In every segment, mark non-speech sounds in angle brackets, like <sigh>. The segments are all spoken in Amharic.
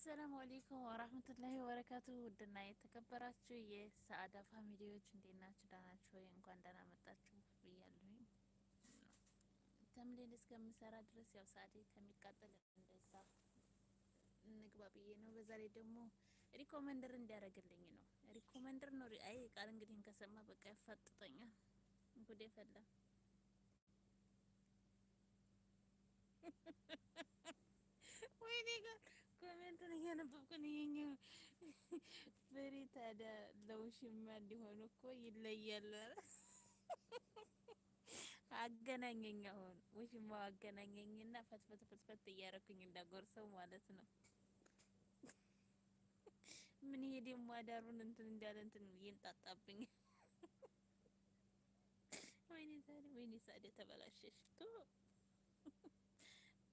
አሰላሙ አሌይኩም ወራህመቱላሂ ወበረካቱ። ውድና የተከበራችሁ የሰአዳ ፋሚሊዎች እንዴት ናችሁ? ደህና ናችሁ ወይ? እንኳን ደህና መጣችሁ ብያለሁኝ። ተምሌን እስከምሰራ ድረስ ያው ሰአዴ ከሚቃጠል እንደዛ እንግባ ብዬ ነው። በዛ ላይ ደግሞ ሪኮመንደር እንዲያደርግልኝ ነው። ሪኮመንደር ነው። አይ ቃል እንግዲህ ከሰማ በቃ ያፋጥጠኛል። ጉዴ ፈላ። <laughs> ወይኔ ጋር እንትን እያነበብኩን ይሄኛ ፍሬ ታዲያ ለውሽማ እንዲሆኑ እኮ ይለያል። አገናኘኝ አሁን ውሽማው አገናኘኝና ፈትፈት ፈትፈት እያረኩኝ እንዳጎርሰው ማለት ነው። ምን ይሄ ደግሞ አዳሩን እንትን እንዳለ እንትን ይንጣጣብኝ። ወይኔ ዛሬ ወይኔ ሳዴ ተበላሸሽ ቶ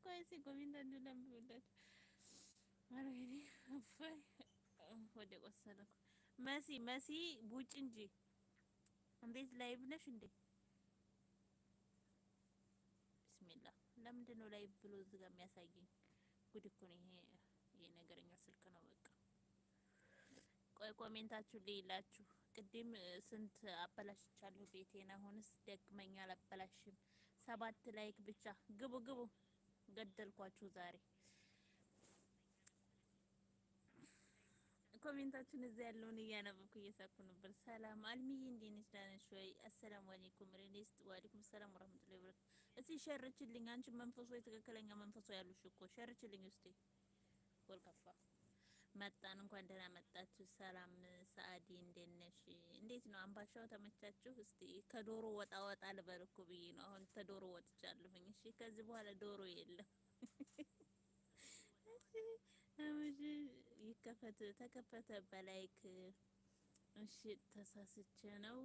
ቆይ እስኪ ኮሜንት አንዱ ላንብብላችሁ። አረኔ አፋይ ወደ ቆሰለኩ መሲ መሲ ቡጭ እንጂ እንዴት ላይቭ ነሽ እንዴ? ብስሚላ ለምንድን ነው ላይቭ ብሎ እዚህ ጋር የሚያሳየኝ? ጉድ እኮ ነው ይሄ። ይሄ ነገረኛ ስልክ ነው በቃ። ቆይ ኮሜንታችሁ ልይላችሁ። ቅድም ስንት አበላሽቻለሁ ቤቴን። አሁንስ ደግመኛ አላበላሽም። ሰባት ላይክ ብቻ ግቡ ግቡ። ገደልኳችሁ ዛሬ ኮሜንታችን እዚ ያለውን እያነበብኩ እየሳኩ ነበር። ሰላም አልሚዬ፣ እንዴት ነሽ? ደህና ነሽ ወይ? አሰላሙ አለይኩም ሬኔስ ወአለይኩም ሰላም ወራህመቱላሂ ወበረካቱ። እስቲ ሸርችልኝ አንቺ መንፈሱ ወይ ትክክለኛ መንፈሱ ያሉሽ እኮ ሸርችልኝ እስቲ ወልከፋ መጣን። እንኳን ደህና መጣችሁ። ሰላም ሰአዲ፣ እንዴት ነሽ? እንዴት ነው አምባሻው? ተመቻችሁ? እስቲ ከዶሮ ወጣ ወጣ ልበል እኮ ብዬ ነው። አሁን ከዶሮ ወጥቻለሁኝ። እሺ፣ ከዚህ በኋላ ዶሮ የለም። <laughs> ይከፈት ተከፈተ በላይክ እሺ ተሳስቼ ነው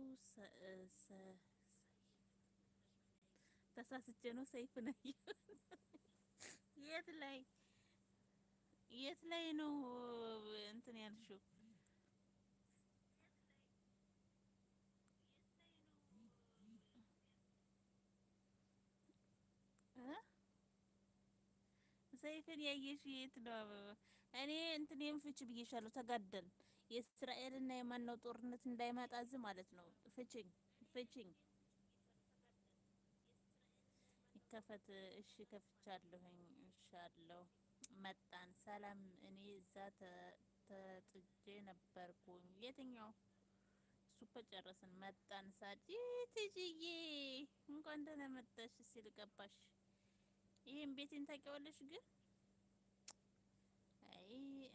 ተሳስቼ ነው ሰይፍ ነው <laughs> የት ላይ የት ላይ ነው እንትን ያልሽው ሰይፍን ያየሽ የት ነው አበባ እኔ እንትኔን ፍች ብዬሻለሁ። ተጋደን የእስራኤልና የማነው ጦርነት እንዳይመጣ እዚህ ማለት ነው። ፍችኝ ፍችኝ ይከፈት። እሺ ከፍቻለሁኝ። እንሻለሁ መጣን። ሰላም እኔ እዛ ተጥጄ ነበርኩኝ። የትኛው እሱ ጨረስን። መጣን። ሳዲ ትጅዬ እንኳን ደህና መጣሽ ሲል ገባሽ። ይህን ቤቴን ታውቂዋለሽ ግን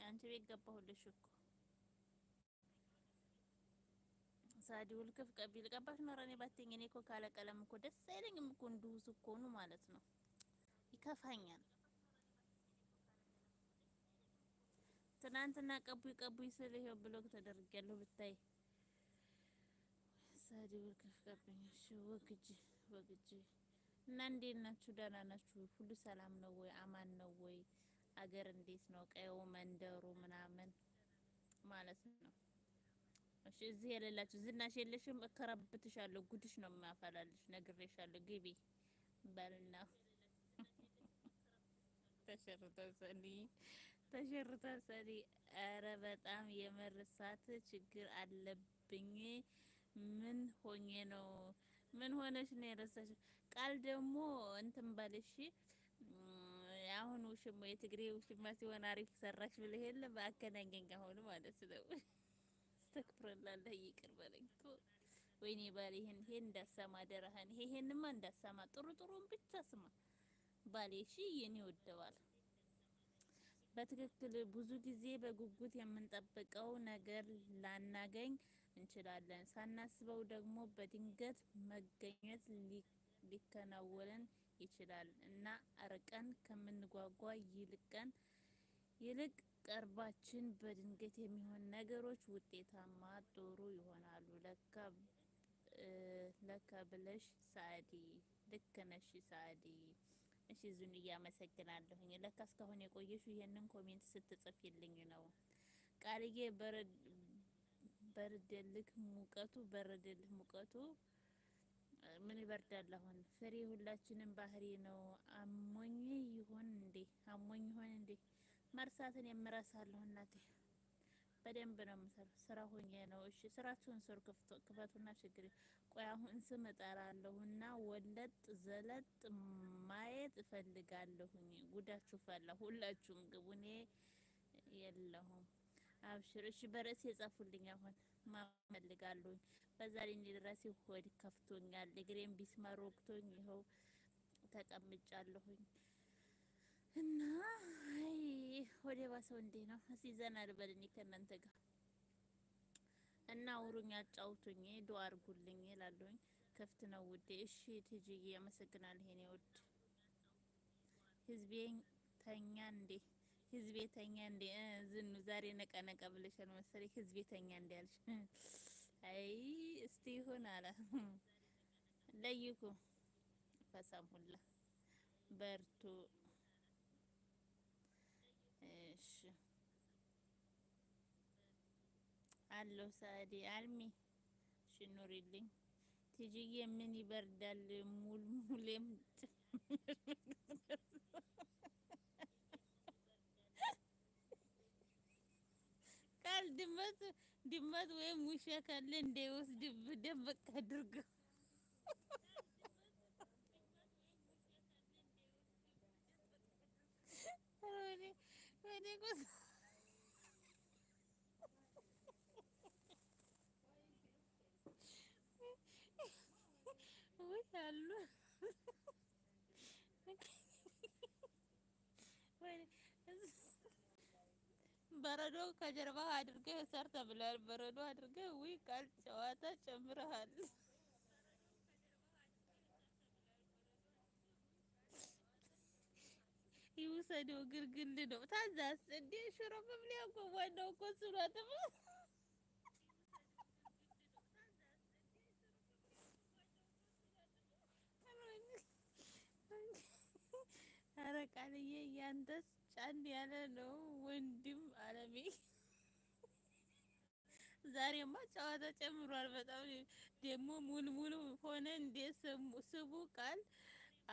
አንቺ ቤት ገባሁልሽ እኮ ሳዲ ውልክፍ ቀቢል ቀባሽ ኖረኔ ባቴኝ እኔ እኮ ካለ ቀለም እኮ ደስ አይለኝም እኮ እንዲሁ ስኮኑ ማለት ነው ይከፋኛል። ትናንትና ቀቡይ ቀቡይ ስል ይሄው ብሎግ ተደርጊያለሁ ብታይ ሳዲ ውልክፍ ቀብኛሽ ወግጅ ወግጅ እና እንዴት ናችሁ? ደህና ናችሁ? ሁሉ ሰላም ነው ወይ? አማን ነው ወይ? አገር እንዴት ነው ቀየው መንደሩ ምናምን ማለት ነው። እሺ እዚህ የሌላችሁ ዝናሽ የለሽም፣ እከረብትሻለሁ፣ ጉድሽ ነው የማፈላልሽ፣ ነግሬሻለሁ። ግቢ ባልና <laughs> ተሸርተ ሰኒ ተሸርተ አረ በጣም የመርሳት ችግር አለብኝ። ምን ሆኜ ነው? ምን ሆነሽ ነው የረሳሽ? ቃል ደግሞ እንትን ባለሽ አሁን ውሽማ የትግሬ ውሽማ ሲሆን አሪፍ ሰራሽ ብለህ የለ በአገናኘኝ አሁን ማለት ነው። እስተክፍርላለህ ይቅር በለኝ እኮ ወይኔ ባል ይሄን ይሄን እንዳሰማ ደረሃን ይሄ ይሄንማ እንዳሰማ ጥሩ ጥሩን ብቻ ስማ ባሌ እሺ የኔ ይወደዋል። በትክክል ብዙ ጊዜ በጉጉት የምንጠብቀው ነገር ላናገኝ እንችላለን። ሳናስበው ደግሞ በድንገት መገኘት ሊከናወንን ይችላል እና ርቀን ከምንጓጓ ይልቀን ይልቅ ቀርባችን በድንገት የሚሆን ነገሮች ውጤታማ ጥሩ ይሆናሉ። ለካ ብለሽ ሳዲ፣ ልክ ነሽ ሳዲ። እሺ ዙንያ አመሰግናለሁኝ። ለካ እስካሁን የቆየች ይሄንን ኮሜንት ስትጽፍልኝ ነው። ቃልዬ በረደልክ ሙቀቱ በረደልክ ሙቀቱ ምን ይበርዳል አሁን ፍሬ ሁላችንም ባህሪ ነው። አሞኝ ይሆን እንዴ? አሞኝ ይሆን እንዴ? መርሳትን የምረሳለሁ እናቴ። በደንብ ነው የምሰራው። ስራ ሆኜ ነው። እሺ ስራችሁን ስሩ፣ ክፈቱና ችግር ቆይ። አሁን ስም እጠራለሁና ወለጥ ዘለጥ ማየት እፈልጋለሁኝ። ጉዳችሁ ፈላ። ሁላችሁም ግቡ። እኔ የለሁም። አብሽር እሺ። በርዕስ የጻፉልኝ አሁን ማፈልጋለሁኝ በዛ ላይ ድረስ ሆድ ከፍቶኛል። እግሬን ቢስማር ወቅቶኝ ይኸው ተቀምጫለሁኝ እና አይ ሆዴ ባሰው። እንዴ ነው እስኪ ዘና ልበልኝ ከእናንተ ጋር እና አውሩኝ፣ አጫውቱኝ፣ ዱአ አድርጉልኝ ይላሉኝ። ክፍት ነው ውዴ። እሺ ትጅዬ ያመሰግናል። ይሄኔ ውድ ህዝቤ ተኛ እንዴ ህዝቤ ተኛ እንዴ ዝኑ ዛሬ ነቀነቀ ብለሻል መሰለኝ። ህዝቤ ተኛ እንዴ አልሽ አይ እስቲ ይሁን አለ ለይኩ ፈሳሙላ በርቱ። እሺ አሎ ሳዲ አልሚ ሽኑሪልኝ ትጅዬ ምን ይበርዳል ሙልሙሌም ድመት ድመት ወይም ውሻ ካለ እንዳይወስድብ ደበቅ አድርገው አሉ በረዶ ከጀርባ አድርገህ ሰር ተብሏል። በረዶ አድርገህ ዊ ቃል ጨዋታ ጨምረሃል። ይውሰደው ግርግንድ ነው። ታዛስ እንዴ ሽሮ መብሊያ እኮ ዋናው እኮ እሱ ነው። አትበል ቃልዬ ያንተስ ጫን ያለ ነው ወንድም አለሜ። ዛሬማ ጨዋታ ጨምሯል በጣም ደግሞ ሙልሙሉ ሆነ። እንዴ ስሙ ቃል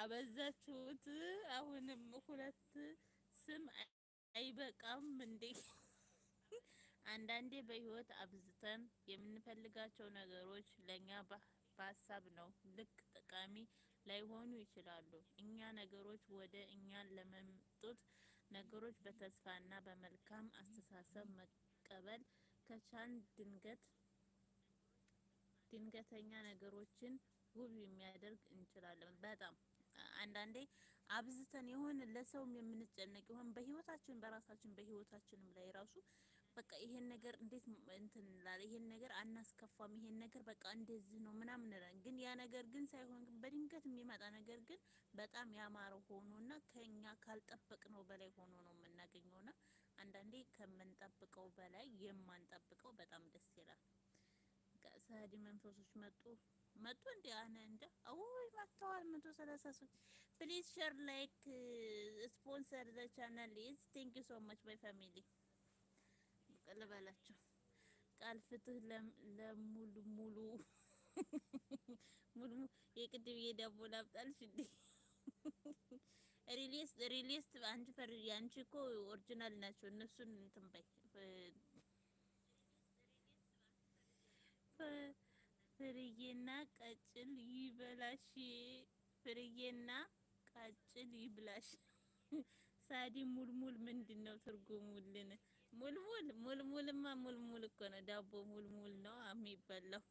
አበዛችሁት። አሁንም ሁለት ስም አይበቃም እንዴ? አንዳንዴ በህይወት አብዝተን የምንፈልጋቸው ነገሮች ለኛ በሀሳብ ነው ልክ ጠቃሚ ላይሆኑ ይችላሉ። እኛ ነገሮች ወደ እኛ ለመምጡት ነገሮች በተስፋና በመልካም አስተሳሰብ መቀበል ከቻልን ድንገት ድንገተኛ ነገሮችን ውብ የሚያደርግ እንችላለን። በጣም አንዳንዴ አብዝተን የሆን ለሰውም የምንጨነቅ የሆን በህይወታችን በራሳችን በህይወታችንም ላይ ራሱ በቃ ይሄን ነገር እንዴት እንትን እንላለን፣ ይሄን ነገር አናስከፋም፣ ይሄን ነገር በቃ እንደዚህ ነው ምናምን እንላለን። ግን ያ ነገር ግን ሳይሆን ግን በድንገት የሚመጣ ነገር ግን በጣም ያማረ ሆኖና ከኛ ካልጠበቅ ነው በላይ ሆኖ ነው የምናገኘውና አንዳንዴ ከምንጠብቀው በላይ የማንጠብቀው በጣም ደስ ይላል። ሰሀዲ መንፈሶች መጡ መጡ እንደ አነ እንደ አውይ መጥተዋል። መቶ ሰላሳ ሶስት ፕሊዝ ሸር ላይክ ስፖንሰር ዘ ቻናል ኢዝ ቴንክ ዩ ሶ ማች ማይ ፋሚሊ ልበላቸው ቃል ፍትህ ለሙሉ ሙሉ ሙሉ የቅድም የዳቦ ላብጣል እንዴ? ሪሊስ ሪሊስ አንቺ ፈር አንቺ እኮ ኦሪጂናል ናቸው። እነሱን እንትን በይ ፍርዬና ቀጭል ይበላሽ። ፍርዬና ቀጭል ይብላሽ። ሳዲ ሙልሙል ምንድን ነው ትርጉሙልን? ሙልሙል ሙልሙልማ ሙልሙል እኮ ነው። ዳቦ ሙልሙል ነው የሚበላው።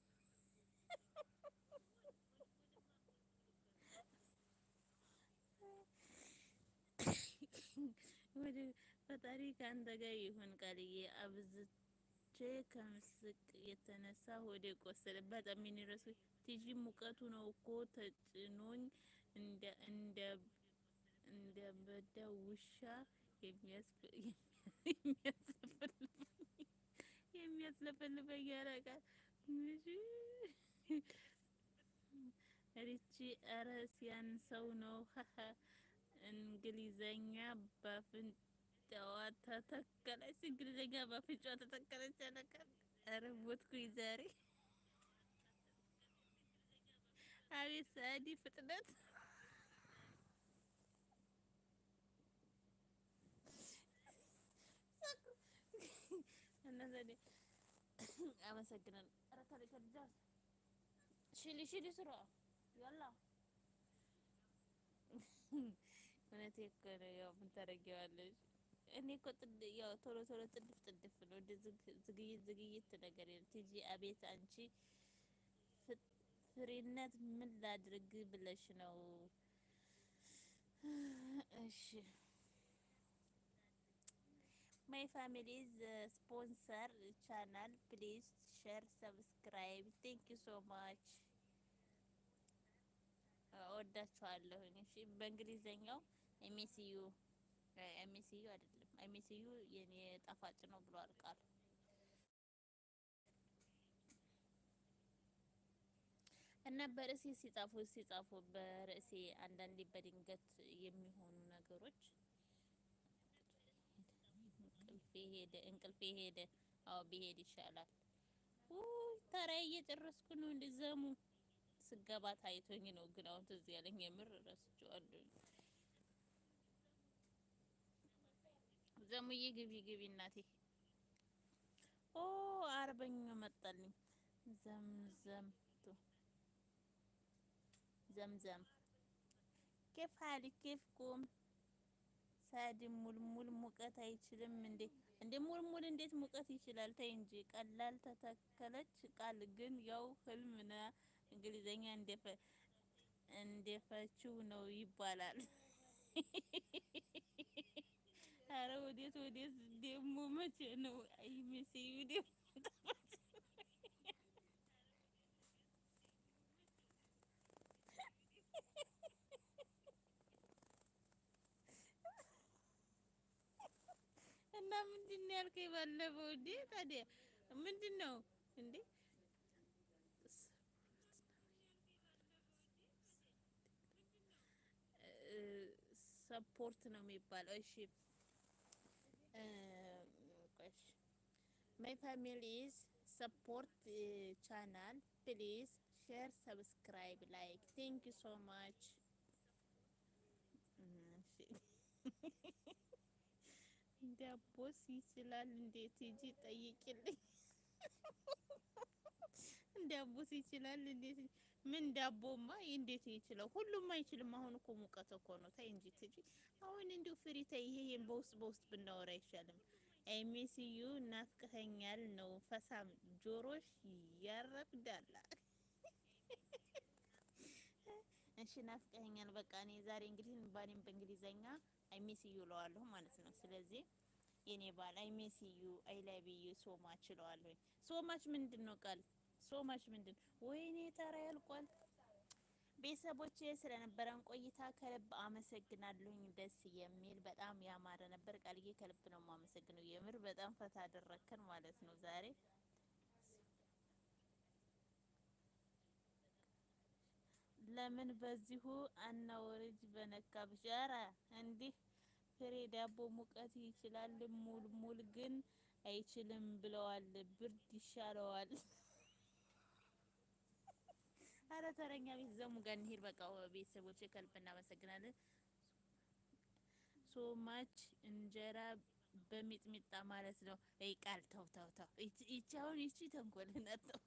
ወደ ፈጣሪ ከአንተ ጋር ይሁን ቃልዬ። አብዝቼ ከምስቅ የተነሳ ወደ ቆሰለ በጣም የሚረሱ ቲጂ ሙቀቱ ነው እኮ ተጭኖኝ እንደ እንደ እንደ ውሻ የሚያስ <laughs> የሚያስለፈልፈኝ ያረቃል። <laughs> ሪቺ አረ ሲያንሰው ነው። እንግሊዘኛ በአፍንጫዋ ተተከለች። እንግሊዘኛ በአፍንጫዋ ተተከለች። ያለቃል። አረ ሞትኩኝ ዛሬ። <laughs> አቤት ሰአዲ ፍጥነት እኔ አመሰግናል። ሽሊ ሽሊ ስራ ያላ እውነቴ እኮ ነው። ያው ምን ታደርጊዋለሽ? እኔ እኮ ያው ቶሎ ቶሎ ጥድፍ ጥድፍ ነው እንደ ዝግይት ዝግይት ነገር የለም። ቲጂ አቤት አንቺ ፍሪነት ምን ላድርግ ብለሽ ነው? እሺ ማይ ፋሚሊዝ ስፖንሰር ቻናል ፕሊዝ ሸር ሰብስክራይብ ቴንክ ዩ ሶ ማች እወዳችኋለሁ። እሺ በእንግሊዘኛው ኤምሲዩ ኤምሲዩ uh, አይደለም ኤምሲዩ የኔ ጣፋጭ ነው ብሏል ቃል እና በርዕሴ ሲጻፉ ሲጻፉ በርዕሴ አንዳንዴ በድንገት የሚሆኑ ነገሮች ሄደ፣ እንቅልፌ ሄደ። አዎ ቢሄድ ይሻላል። ውይ ተራዬ እየጨረስኩ ነው። እንደ ዘሙ ስገባ ታይቶኝ ነው። ግን አሁን ትዝ ያለኝ የምር ረስቼዋለሁ። ዘሙዬ ግቢ ግቢ እናቴ። ኦ አርበኛ መጣልኝ። ዘምዘምቱ ዘምዘም ኬፍ ሀሊክ ኬፍ ኩም ሳድ ሙልሙል ሙቀት አይችልም እንዴ? እንዴ ሙልሙል እንዴት ሙቀት ይችላል? ተይ እንጂ ቀላል ተተከለች ቃል ግን ያው ህልም ነው። እንግሊዘኛ እንደፈ እንደፈችው ነው ይባላል። <laughs> አረ ወዴት ወዴት ደሞ መቼ ነው አይ አይመሲዩ ደግሞ ያልከኝ ባለፈው እንዴ? ታዲያ ምንድን ነው እንዴ? ሰፖርት ነው የሚባለው። እሺ ማይ ፋሚሊ ኢዝ ሰፖርት ቻናል ፕሊዝ ሼር፣ ሰብስክራይብ፣ ላይክ ቴንክ ዩ ሶ ማች እንደ ዳቦስ ይችላል እንዴት ሂጂ ጠይቂልኝ። ዳቦስ ይችላል እንዴት? ምን ዳቦማ እንዴት ይችላል? ሁሉም አይችልም። አሁን እኮ ሙቀት እኮ ነው። ታይ እንጂ ትጂ አሁን እንዲሁ ፍሪ ታይ። ይሄን በውስጥ በውስጥ ብናወራ አይሻልም? አይ ሚስ ናፍቀኸኛል ነው ፈሳም ጆሮሽ ያረግዳል። እሺ ናፍቀኸኛል። በቃ እኔ ዛሬ እንግዲህ ባኔም በእንግሊዘኛ አይ ሚስ ዩ እለዋለሁ ማለት ነው። ስለዚህ የኔ ባል አይ ሚስ ዩ አይ ላቭ ዩ ሶ ማች እለዋለሁ። ሶ ማች ምንድን ነው ቃል ሶ ማች ምንድን ነው? ወይኔ ተራ ያልቋል። ቤተሰቦች ስለነበረን ቆይታ ከልብ አመሰግናለሁኝ። ደስ የሚል በጣም ያማረ ነበር። ቃልዬ ከልብ ነው የማመሰግነው። የምር በጣም ፈታ አደረከን ማለት ነው ዛሬ ለምን በዚሁ አናወርጅ በነካ ብሻራ እንዲህ ፍሬ ዳቦ ሙቀት ይችላል ሙል ግን አይችልም ብለዋል። ብርድ ይሻለዋል። <laughs> አረ ተረኛ ቤት ዘሙ ጋር እንሄድ። በቃ ቤተሰቦቼ ከልብ እናመሰግናለን። ማች እንጀራ በሚጥሚጣ ማለት ነው። ይቃል ተው ተው ተው። ይቺ አሁን ይቺ ተንኮል ነጠው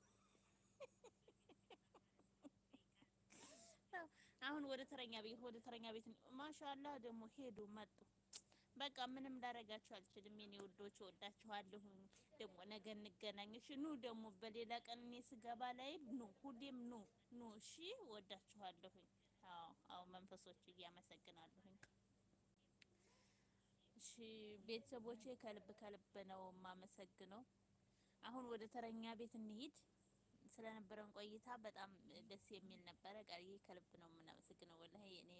አሁን ወደ ተረኛ ቤት ወደ ተረኛ ቤት ማሻአላህ ደግሞ ሄዱ መጡ። በቃ ምንም ላረጋችሁ አልችልም። የኔ ውዶች ወዳችኋለሁ። ደግሞ ነገ እንገናኝ። እሺ ኑ ደግሞ በሌላ ቀን እኔ ስገባ ላይ ኑ፣ ሁሌም ኑ ኑ። እሺ ወዳችኋለሁ። አዎ አዎ፣ መንፈሶች እያመሰግናለሁኝ። እሺ ቤተሰቦቼ ከልብ ከልብ ነው የማመሰግነው። አሁን ወደ ተረኛ ቤት እንሂድ። ስለነበረን ቆይታ በጣም ደስ የሚል ነበረ። ቀሪ ከልብ ነው የምናመሰግነው። ወላሂ እኔ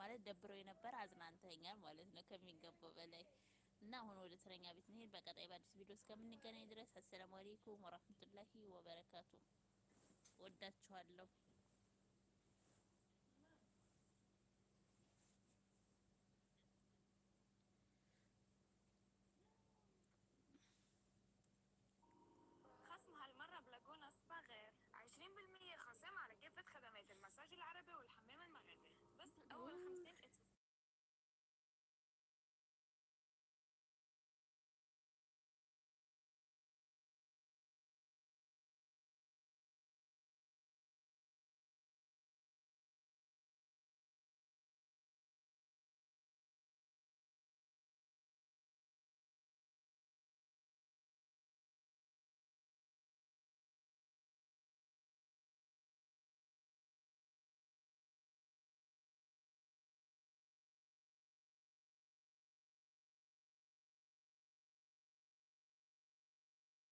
ማለት ደብረው የነበረ አዝናንተኛል ማለት ነው ከሚገባው በላይ እና አሁን ወደ እስረኛ ቤት እንሄድ። በቀጣይ በአዲስ ቪዲዮ እስከምንገናኝ ድረስ አሰላሙ አሌይኩም ወራህመቱላሂ ወበረካቱ። ወዳችኋለሁ።